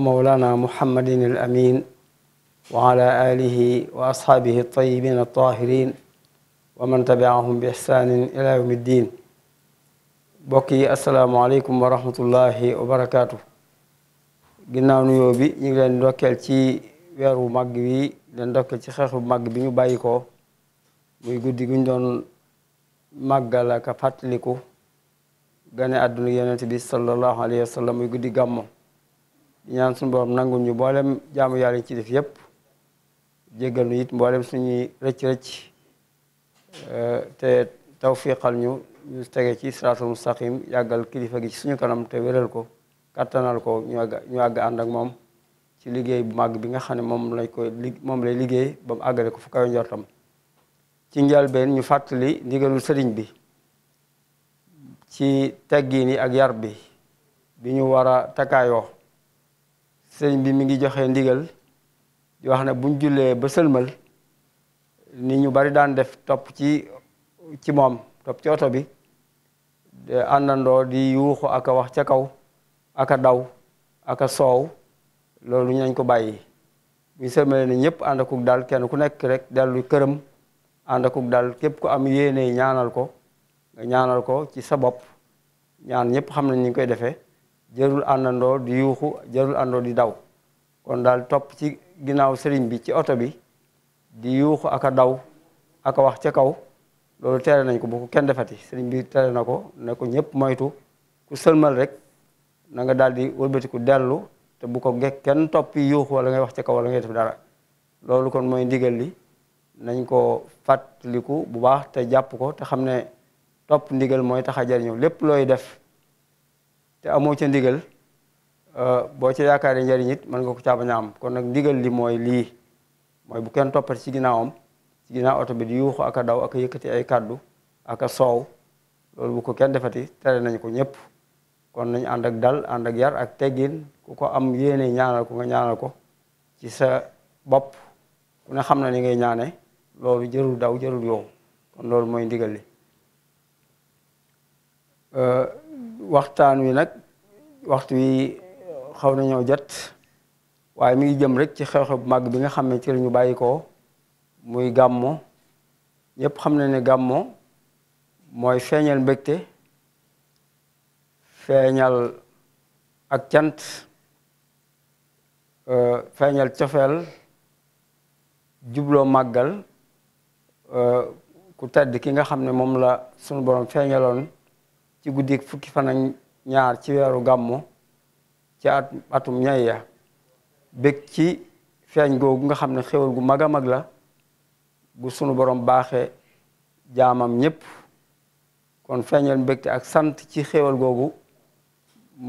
ومولانا محمد الأمين وعلى آله وأصحابه الطيبين الطاهرين ومن تبعهم بإحسان إلى يوم الدين bokki asalaamaaleykum wa rahmatullahi wa barakaatu ginnaaw nuyoo bi ñu ngi leen ndokkeel ci weeru màgg wi leen ndokkeel ci xeexu màgg bi ñu bàyyi ko muy guddi guñ doon màggal ak fàttaliku gane àdduna yonent bi sallallahu alayhi wa sallam muy guddi gàmmo ñaan suñu borom nangul ñu mboolem jaamu yàlla ñu ci def yépp jéggal nu it mboolem suñuy rëcc-rëcc eh, te tawfiqal ñu ñu tege ci siraatul mustaqim yàggal kilifa gi ci suñu kanam te weral ko kàttanal ko ñu àgg ñu ak moom ci liggéey bu màgg bi nga xam ne moom lañ koy lay liggéey ba mu àggale ko fu kawe njortam ci njëlbeen ñu fàttali ndigalul sëriñ bi ci teggiin yi ak yar bi bi ñu war a takkaayoo sëriñ bi mi ngi joxe ndigal di wax ne buñ jullee ba sëlmal ni ñu bari daan def topp ci ci moom topp ci oto bi de àndandoo di yuuxu ak a wax ca kaw ak a daw aka soow loolu ñu ko bàyyi buñ sëlmalee ne ñëpp ànd daal kenn ku nekk rek dellu këram ànd daal képp ku am yéene ñaanal ko ñaanal ko ci sa bopp ñaan ñëpp xam na ni ñu koy defee jarul àndandoo di yuuxu jarul àndoo di daw kon daal topp ci ginnaaw sëriñ bi ci oto bi di yuuxu ak a daw ak wax ca kaw loolu tere nañ ko bu ko kenn defati sëriñ bi tere na ko ne ko ñëpp moytu ku sëlmal rek nanga daal di wëlbatiku dellu te bu ko ge kenn toppi yuuxu wala ngay wax ca kaw wala ngay def dara loolu kon mooy ndigal li nañ ko fàttaliku bu baax te jàpp ko te xam ne topp ndigal mooy tax a jariñu lépp looy def te amoo ca ndigal euh, boo ca yaakaaree njariñ it mën nga ko caa bañ a am kon nag ndigal li mooy lii mooy bu kenn toppati ci ginnaawam ci ginnaaw oto bi di yuuxu ak daw ak a yëkkati ay kàddu ak a soow loolu bu ko kenn defati tere nañ ko ñëpp kon nañ ànd ak dal ànd ak yar ak teggin ku ko am yéene ñaanal ko nga ñaanal ko ci sa bopp ku ne xam na ni ngay ñaane loolu jërul daw jërul yow kon loolu mooy ndigal li euh, waxtaan wi nag waxtu wi xaw nañoo jot waaye mi ngi jëm rek ci xew-xew bu màgg bi nga xam ne ci lañu bàyyikoo muy gàmmo ñëpp xam na ne gàmmo mooy feeñal mbégte feeñal ak cant euh, feeñal cofeel jubloo màggal euh, ku tedd ki nga xam ne moom la sunu borom feeñaloon ci guddi fukki fan ñaar ci weeru gàmmu ci at atum ñay ya bég ci feeñ googu nga xam ne xéwal gu mag a mag la bu sunu borom baaxee jaamam ñépp kon feeñal mbégte ak sant ci xéwal googu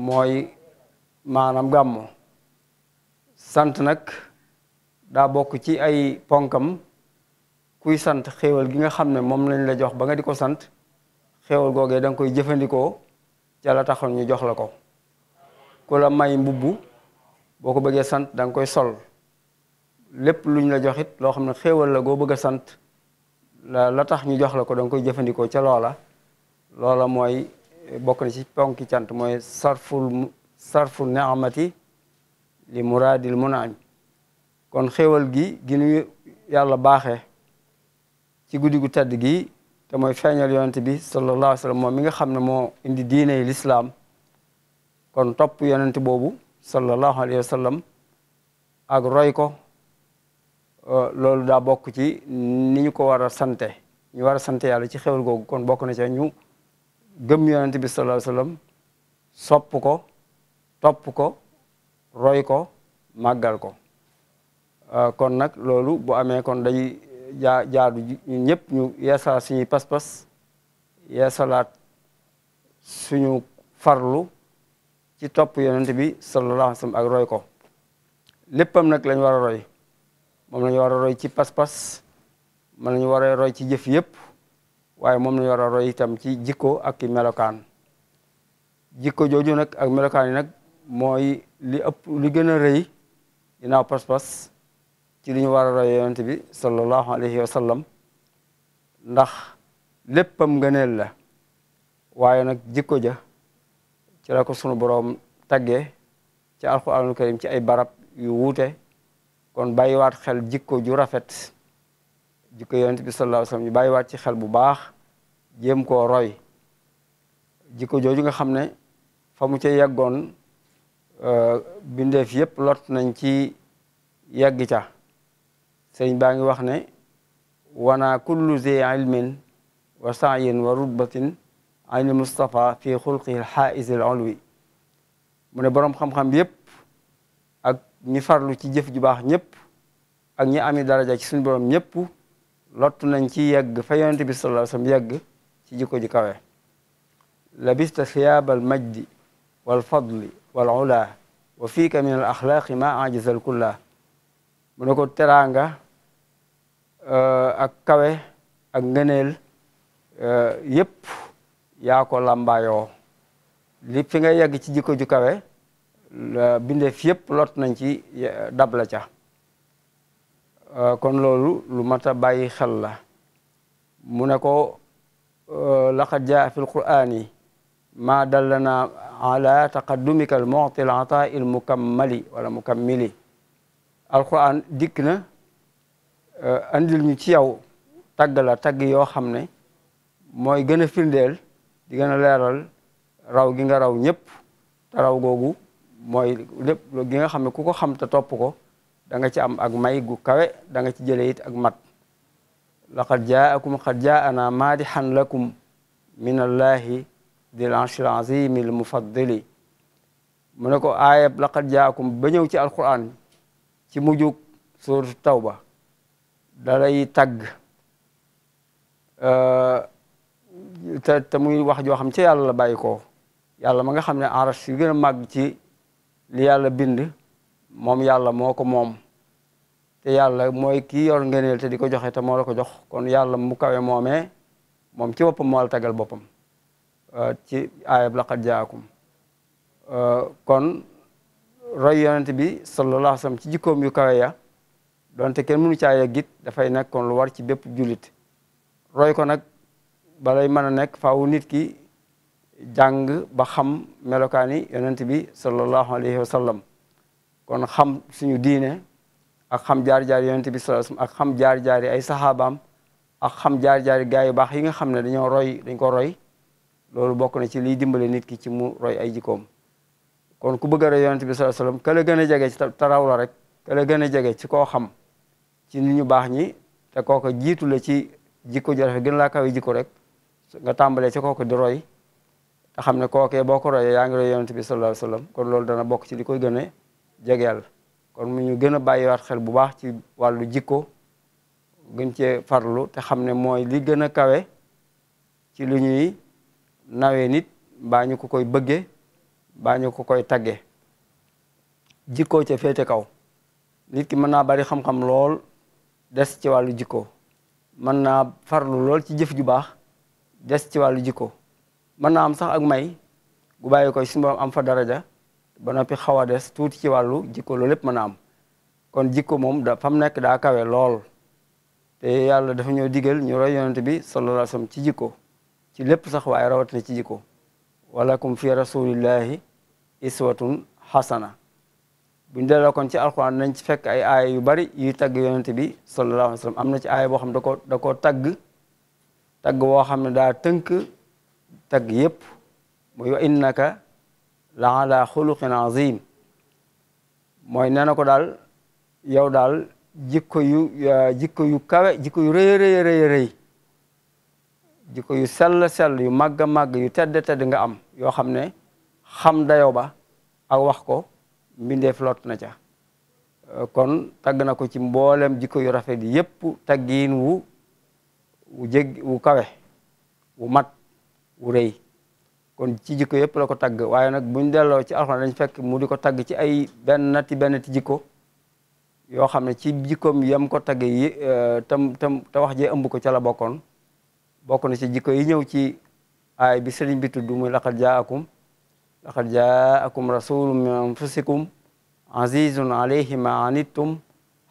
mooy maanaam gàmmu sant nag daa bokk ci ay ponkam kuy sant xéwal gi nga xam ne moom lañ la jox ba nga di ko sant xéwal googee danga koy jëfandikoo ca la taxoon ñu jox la ko ku la may mbubbu boo ko bëggee sant danga koy sol lépp luñ la joxit loo xam ne xéewal la goo bëgg a sant la tax ñu jox la ko danga koy jëfandikoo ca loola loola mooy bokk na ci ponki cant mooy sarfu sarful li muraadil munaam kon xéewal gi gi ñu yàlla baaxee ci guddi gu tedd gi te mooy feeñal yonent bi sallallahu alayhi wa sallam moom mi nga xam ne moo indi diine yi lislaam kon topp yonent boobu sallallahu alayhi wa sallam ak roy ko euh, loolu daa bokk ci ni ñu ko war a sante ñu war a sante yàlla ci xewal googu kon bokk na ci ñu gëm yonent bi sallallahu alayhi wa sallam sopp ko topp ko roy ko màggal ko euh, kon nag loolu bu amee kon day jaa jaadu ñun ñëpp ñu yeesalaat suñuy pas-pas yeesalaat suñu farlu ci topp yonent bi sallallahu ak roy ko léppam nag lañ war a roy moom lañu wara a roy ci pas-pas moom lañu war a roy ci jëf yëpp waaye moom lañu war a roy itam ci jikko ak melokaan jikko jooju nag ak melokaan yi nag mooy li ëpp li gën a rëy ginnaaw pas-pas ci li ñu war roy yonent bi sallallahu alayhi wa sallam ndax léppam ngëneel la waaye nag jikko ja ci la ko sunu boroom tagge ci alquranul karim ci ay barab yu wuute kon bàyyiwaat xel jikko ju rafet jikko yonent bi sallallahu alayhi wa sallam ci xel bu baax jéem koo roy jikko jooju nga xam ne famu mu ca yeggoon euh, bindeef yépp lot nañ ci yegg ca sëñ baa ngi wax ne wana kullu zi ilmin wa saayin wa rutbatin anil Mustafa fi xulqi lxaaisil olwi mu ne boroom xam-xam yépp ak ñi farlu ci jëf ju baax ñépp ak ñi ami daraja ci suñu borom ñépp lottu nañ ci yegg fa yonent bi sallallahu alayhi wasallam yegg ci jikko ji kawe labista siyaabal majdi wal fadli wal ula wa fiika min al axlaaqi ma ajizal kulla mu ne ko teraanga eh, ak kawe ak ngëneel eh, yépp yaa ko làmbaayoo li fi nga yegg ci jikko ju kawe bindeef yépp lot nañ ci dab ca eh, kon loolu lu mat a bàyyi xel la mu ne ko laqad jaa fi lqur'ani maa dallana ala taqaddumika al mu'ti al ataai al mukammali wala mukammili alquran dikk na euh, andil ñu ci yow tagg la tagg yoo xam ne mooy gën a firndeel di gën a leeral raw gi nga raw ñëpp te raw googu mooy lépp gi nga xam ne ku ko xam te topp ko da nga ci am ag may gu kawe da nga ci jële it ak mat laqad jaakum qad jaana maadihan lakum min allahi dil arshil azimil mufaddili mu ne ko aayab laqad jaakum ba ñëw ci alquran ci mujjug suuratu tawba dalay tagg euh, te te muy wax joo xam ci yàlla la bàyyi ko yàlla ma nga xam ne aras yu gën màgg ci li yàlla bind moom yàlla moo ko moom te yàlla mooy kii yor ngëneel te di ko joxe te moo la ko jox kon yàlla mu kawe moomee moom ci boppam moo la tagal boppam euh, ci aayab jaakum euh, kon roy yonent bi sallallahu alayhi wa sallam ci jikkoom yu kawe ya donte kenn mu caa yegg it dafay nekkoon lu war ci bépp julit roy ko nag balay mën a nekk faawu nit ki jàng ba xam melokaani yonent bi sallallahu alayhi wa sallam kon xam suñu diine ak xam jaar-jaari yonent bi sallallahu alayhi wa sallam ak xam jaar-jaari ay saxaabaam ak jaar-jaari gaa yu baax yi nga xam ne dañoo roy dañ ko roy loolu bokk na ci liy dimbale nit ki ci mu roy ay jikkoom kon ku bëgg a roy yonent bi sallallahu alayhi wasallam ka gën a jege ci taraw rek ka la a jege ci koo xam ci nit ñu baax ñi te kooku jiitu la ci jikko ju rafet gën laa kawe jikko rek nga tàmbalee ci kooku di roy te xam ne kookee boo ko royee yaa ngi roy yonent bi sallallahu alayhi kon loolu dana bokk ci li koy gën a jege yàlla kon mu ñu gën a bàyyiwaat xel bu baax ci wàllu jikko gën cee farlu te xam ne mooy li gën a kawe ci lu ñuy nawee nit mbaa ñu ko koy bëggee baa ñu ko koy tagge jikkoo ca féete kaw nit ki mën naa bari xam-xam lool des ci wàllu jikko mën naa farlu lool ci jëf ju baax des ci wàllu jikko mën naa am sax ak may gu bàyyi ko suñu am fa daraja ba noppi xaw a des tuuti ci wàllu jikko loolu lépp mën naa am kon jikko moom da mu nekk daa kawe lool te yàlla dafa ñoo digal ñu roy yonent bi sallallahu alayhi ci jikko ci lépp sax waaye rawatina ci jikko walakum fi rasulillahi iswatun xasana buñ delloo kon ci alxuraan nañ ci fekk ay aaya yu bari yuy tagg yonent bi sallallahu alayhi wa sallam am na ci aaya boo xam ne da ko koo tagg tagg woo xam ne daa tënk tagg yépp muy wa innaka la ala xuluqin azim mooy nee na ko daal yow daal jikko yu jikko yu kawe jikko yu rëy rëy rëy jikko yu sell sell yu màgg a màgg yu tedd tedd nga am yoo xam ne xam dayo ba ak wax ko mbindeef lot na ca euh, kon tagg na ko ci mboolem jikko yu rafet yépp taggiin wu wu jég wu kawe wu mat wu rëy kon ci jikko yépp la ko tagg waaye nag buñ delloo ci alxuraan dañ fekk mu di ko tagg ci ay benn nati jikko yoo xam ne ci jikkoom yam ko tagg yi euh, tam tam te wax jee ëmb ko ca la bokkoon bokk na ci jikko yi ñëw ci aay bi sëriñ bi tudd muy laqad jaakum laqad jaakum rasulun min anfusikum azizun alayhi ma anittum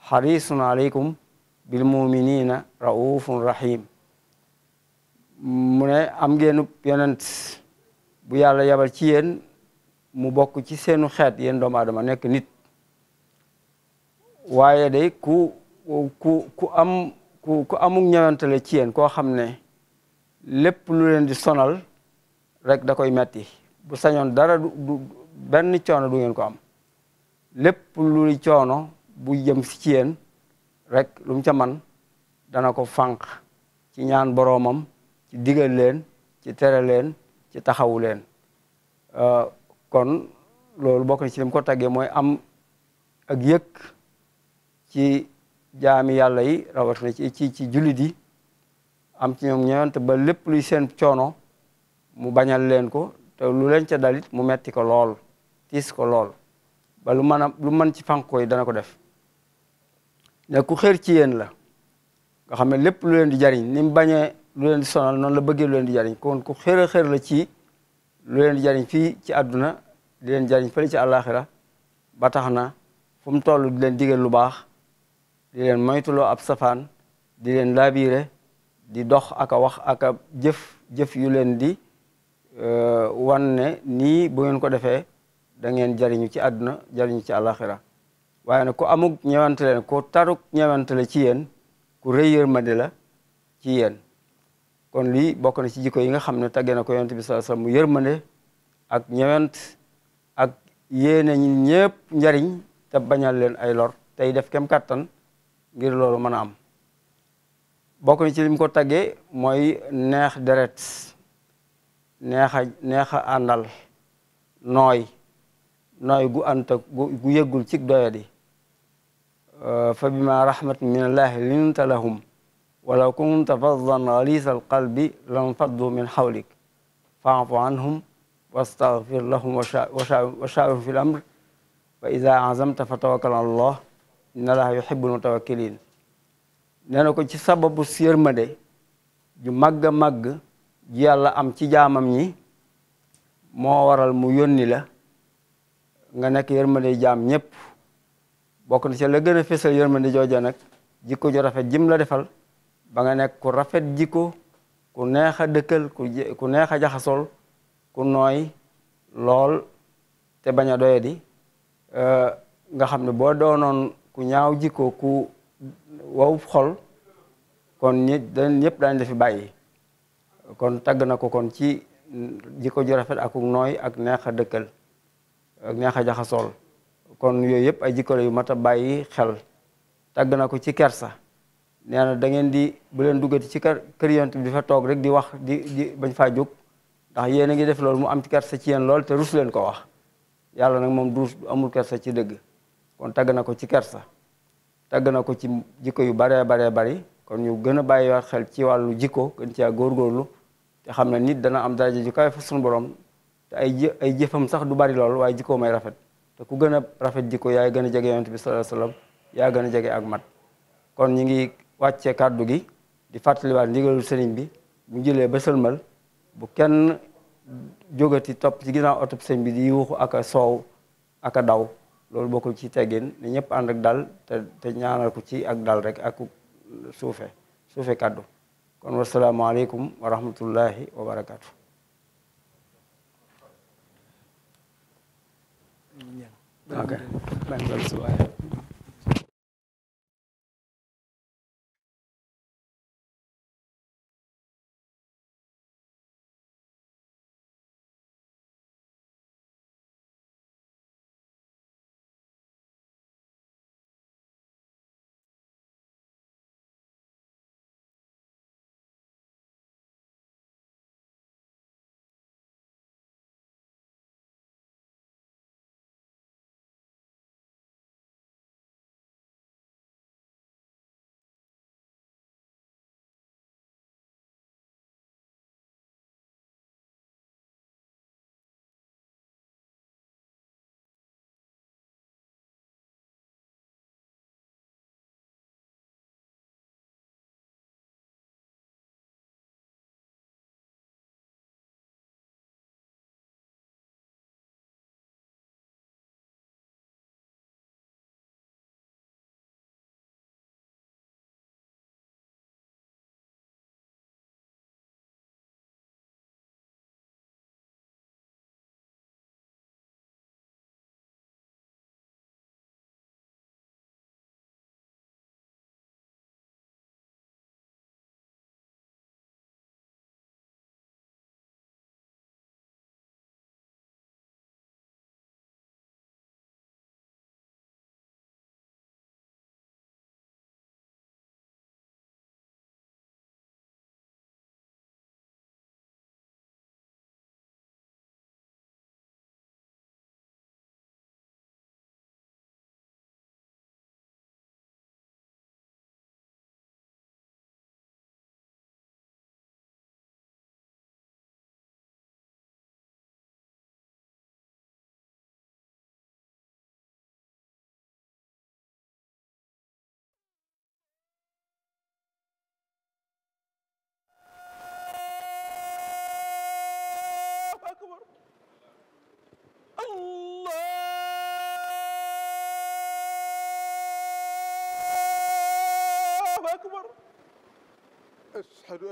xarisun alaykum bil muminina raufun rahim mu ne am ngeen yonent bu yàlla yabal ci yéen mu bokk ci seenu xeet yéen doomu aadama nekk nit waaye day ku ku ku am ku ku amuk ci yéen koo xam ne lépp lu leen di sonal rek da koy metti bu sañoon dara du benn coono du ngeen ko am lépp luy coono bu jëm si ci yéen rek lum mu ca man dana ko fànq ci ñaan boroomam ci digal leen ci tere leen ci taxaw leen euh, kon loolu bokk na ci lim ko taggee mooy am ak yëg ci jaami yàlla yi rawatina ci ci ci jullit yi am ci ñoom ñëwante ba lépp luy seen coono mu bañal leen ko te lu leen ca dalit mu metti ko lool tiis ko lool ba lu mën mën ci fànko yi dana ko def na ku xër ci yéen la nga xam ne lépp lu leen di jariñ ni mu bañee lu leen di sonal noonu la bëggee lu leen di jariñ kon ku xër a xër la ci lu leen di jariñ fii ci àdduna di leen jariñ fële ci àllaaxira ba tax na fu mu toll di leen digal lu baax di leen moytuloo ab safaan di leen laabiire di dox ak a wax ak a jëf jëf yu leen di euh, wan ne nii bu ngeen ko defee da ngeen jariñu ci àdduna jariñu ci àlaxira waaye nag ku amug ñewante la ku taruk ñewante la ci yéen ku rëy yërmande la ci yéen kon lii bokk na ci jikko yi nga xam ne tagge na ko yonent bi sallallahu alayhi wasallam mu yërmande ak ñewant ak yéene ñi njariñ te bañal leen ay lor tey def kem kàttan ngir loolu mën a am bokk na ci lim ko taggee mooy neex deret neex a neex a àndal nooy nooy gu ànd ak gu yëggul cig doyadi euh, fa bima rahmatin min allahi linta lahum walaw kunta faddan galisa alqalbi lan faddu min xawlik faafu anhum wastaghfir lahum wa shaawirhum fi l amr fa ida azamta fa tawakkal ala allah inna allaha yuhibbul mutawakkilin nee na ko ci sababu sërmande ju màgg a màgg ji yàlla am ci jaamam ñi moo waral mu yónni la nga nekk yërmande jaam ñépp bokk na ci la gën a fésal yërmande jooja nag jikko ju rafet jim la defal ba nga nekk ku rafet jikko ku neex a dëkkal ku neex a jaxasool ku nooy lool te bañ a doye di nga xam ne boo doonoon ku ñaaw jikko wow xol kon ñi dañ ñëpp daañ la bàyyi kon tagg na ko kon ci jikko ju rafet ak nooy ak neex a dëkkal ak neex a jaxasool kon yooyu yëpp ay jikko la yu mat a bàyyi xel tagg na ko ci kersa nee na da ngeen di bu leen duggati ci kër kër yonent bi di fa toog rek di wax di di bañ faa jóg ndax yéen a ngi def loolu mu am ci kersa ci yenn lool te rus leen ko wax yàlla nag moom du amul kersa ci dëgg kon tagg na ko ci kersa tàgg na ko ci jikko yu baree baree bari kon ñu gën a bàyyiwaat xel ci wàllu jikko gën góor góorlu te xam ne nit dana am daraja ju kawe fa suñu borom te ay jë ay jëfam sax du bari lool waaye jikko may rafet te ku gën a rafet jikko yaay gën a jege yonent bi sallallahu alayhi wasallam yaa gën a jege ak mat kon ñu ngi wàcce kàddu gi di fàttaliwaat ndigalul sëriñ bi mu jëlee ba sëlmal bu kenn jógati topp ci ginaa oto sëriñ bi di yuuxu ak soow ak a daw loolu bokkul ci teggin ni ñëpp ànd ak dal te te ñaanal ci ak dal rek ak suufe suufe kàddu kon wasalaamaaleykum wa rahmatullahi wa barakaatu.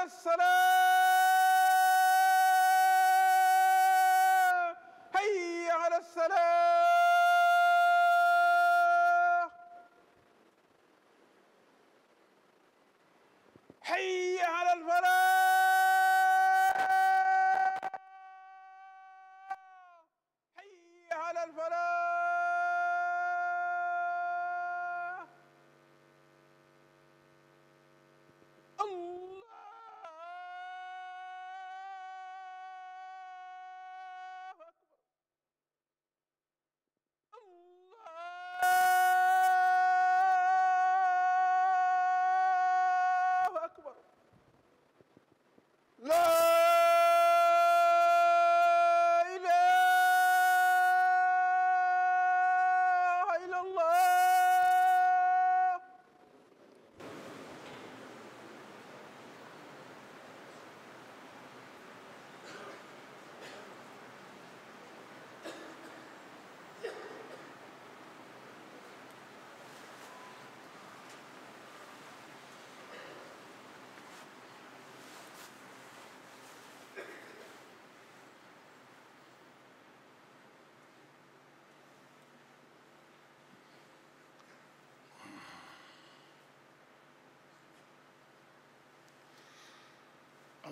على السلام هيا على السلام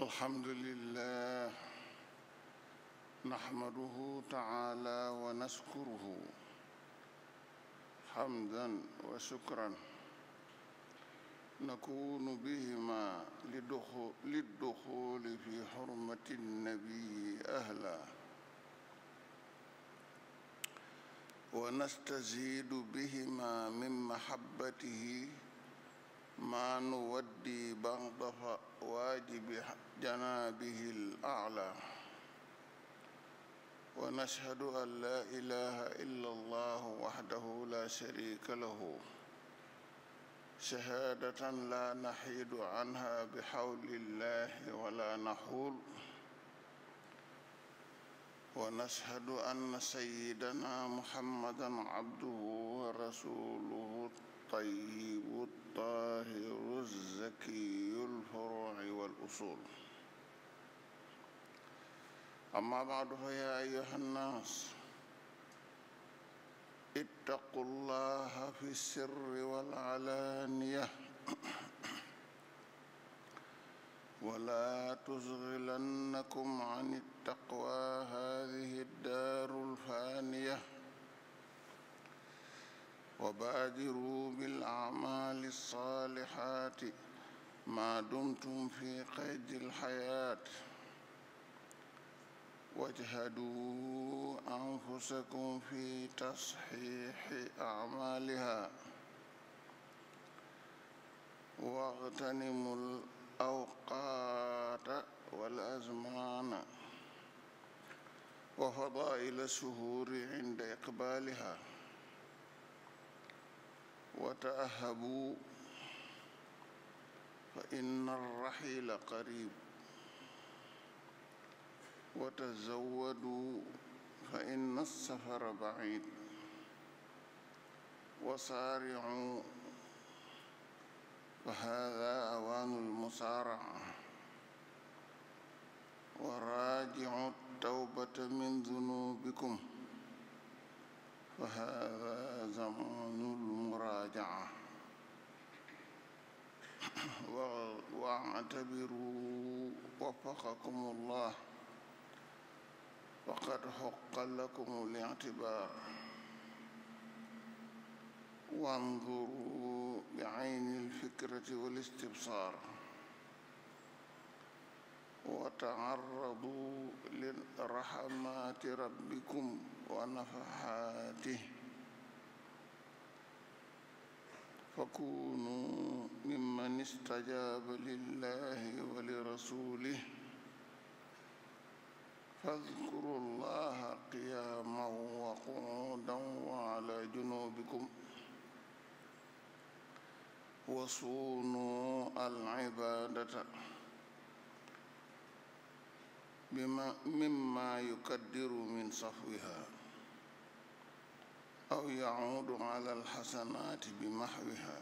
الحمد لله نحمده تعالى ونشكره حمدا وشكرا نكون بهما للدخول في حرمة النبي أهلا ونستزيد بهما من محبته ما نودي بعض واجب جنابه الأعلى ونشهد أن لا إله إلا الله وحده لا شريك له شهادة لا نحيد عنها بحول الله ولا نحول ونشهد أن سيدنا محمدا عبده ورسوله الطيب الطاهر الزكي الفروع والأصول أما بعد فيا أيها الناس اتقوا الله في السر والعلانية ولا تشغلنكم عن التقوى هذه الدار الفانيه وبادروا بالأعمال الصالحات ما دمتم في قيد الحياة واجهدوا أنفسكم في تصحيح أعمالها واغتنموا الأوقات والأزمان وفضائل الشهور عند إقبالها وتأهبوا فإن الرحيل قريب وتزودوا فإن السفر بعيد وسارعوا فهذا أوان المسارعة وراجعوا التوبة من ذنوبكم وهذا زمن المراجعة واعتبروا وفقكم الله وقد حق لكم الاعتبار وانظروا بعين الفكرة والاستبصار وتعرضوا لرحمات ربكم ونفحاته فكونوا ممن استجاب لله ولرسوله فاذكروا الله قياما وقعودا وعلى جنوبكم وصونوا العبادة بما مما يكدر من صفوها aw yacuudu ala alxasanaati bi maxwiha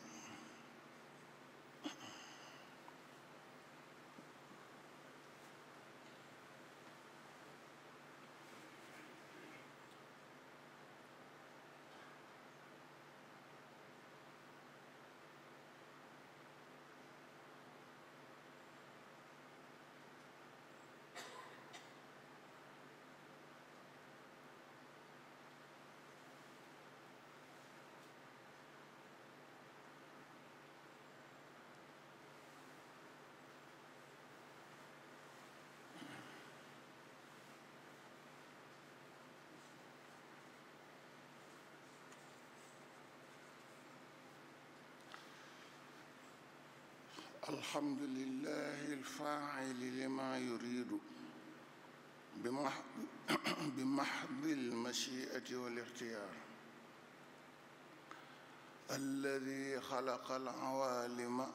الحمد لله الفاعل لما يريد بمحض المشيئة والاختيار الذي خلق العوالم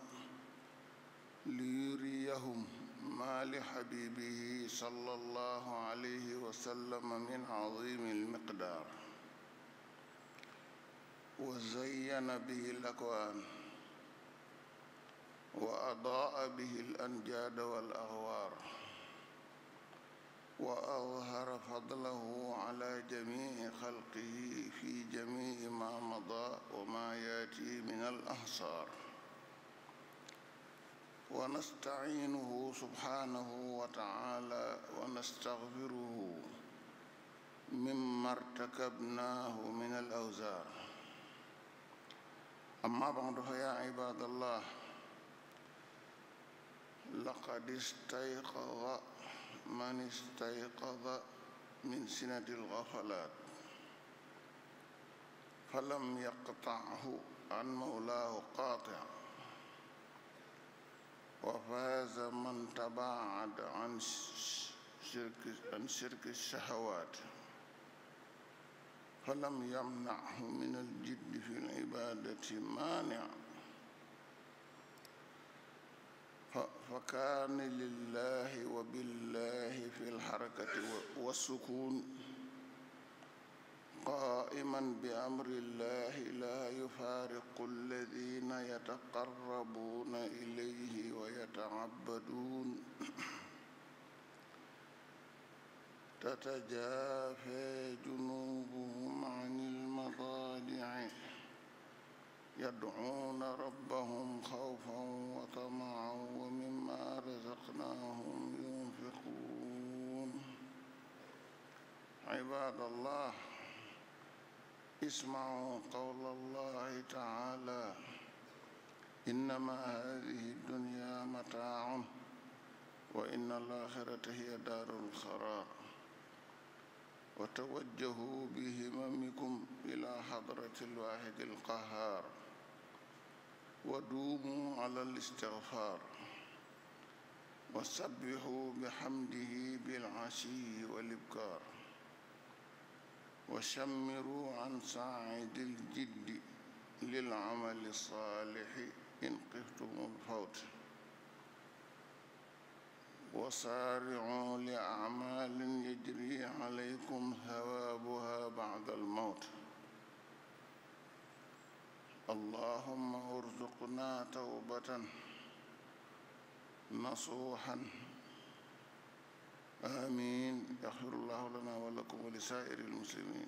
ليريهم ما لحبيبه صلى الله عليه وسلم من عظيم المقدار وزين به الأكوان وأضاء به الأنجاد والأغوار وأظهر فضله على جميع خلقه في جميع ما مضى وما ياتي من الأحصار ونستعينه سبحانه وتعالى ونستغفره مما ارتكبناه من الأوزار أما بعد فيا عباد الله laqad istayqaza man istayqaza min sinatil ghafalaat falam yaqta'hu an mawlaahu qaati' wa faaza man tabaa'ada an shirki an shirki shahawaat falam yamna'hu min al-jiddi fi al-ibaadati maani' فكان لله وبالله في الحركة والسكون قائما بأمر الله لا يفارق الذين يتقربون إليه ويتعبدون تتجافى جنوبهم عن المضاجع يدعون ربهم خوفا وطمعا ومما رزقناهم ينفقون عباد الله اسمعوا قول الله تعالى إنما هذه الدنيا متاع وإن الآخرة هي دار القرار وتوجهوا بهممكم إلى حضرة الواحد القهار ودوموا على الاستغفار وسبحوا بحمده بالعشي والإبكار وشمروا عن صاعد الجد للعمل الصالح إن خفتم الفوت وسارعوا لأعمال يجري عليكم ثوابها بعد الموت اللهم ارزقنا توبة نصوحا آمين يغفر الله لنا ولكم ولسائر المسلمين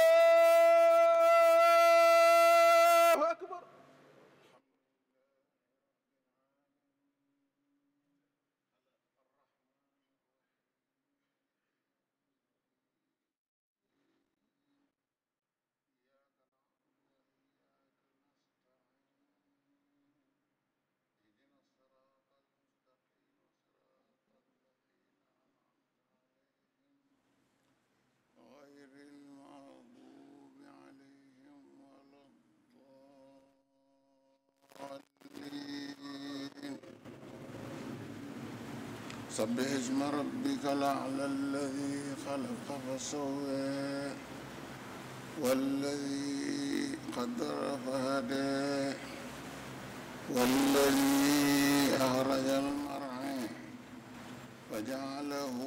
sabbih isma rabbika al-a'la alladhi khalaqa fasawwa والذي قدر فهدى والذي أخرج المرعى فجعله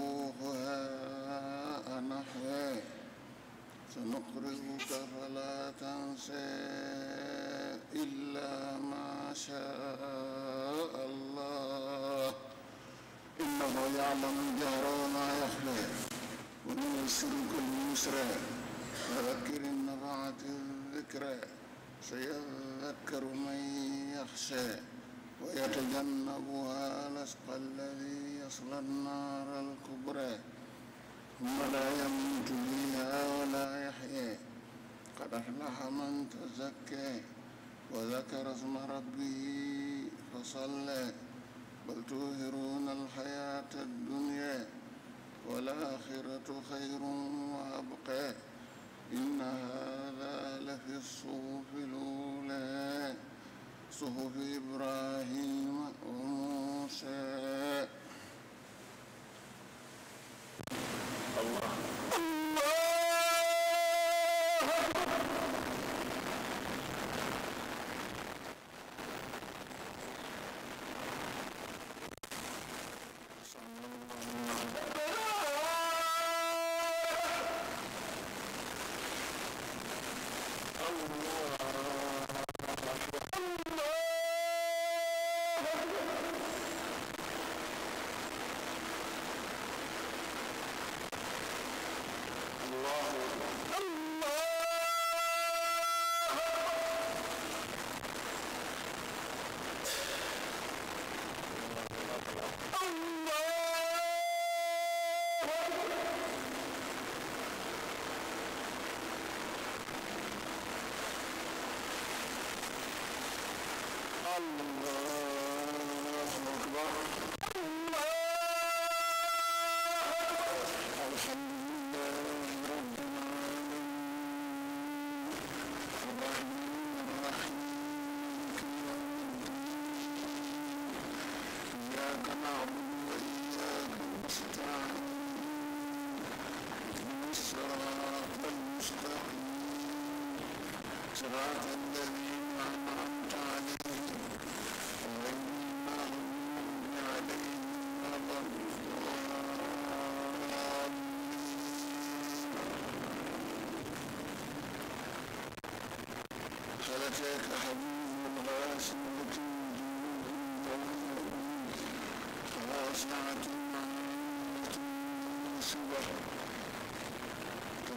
هاء نحوى سنقرئك فلا تنسى إلا ما شاء إنه يعلم الجهر وما يخفى ونيسرك اليسرى فذكر إن نفعت الذكرى سيذكر من يخشى ويتجنبها الأشقى الذي يصلى النار الكبرى ثم لا يموت فيها ولا يحيى قد أفلح من تزكى وذكر اسم ربه فصلى بل توهرون الحياة الدنيا والآخرة خير وأبقى إن هذا لفي الصحف الأولى صحف إبراهيم وموسى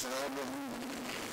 الصواب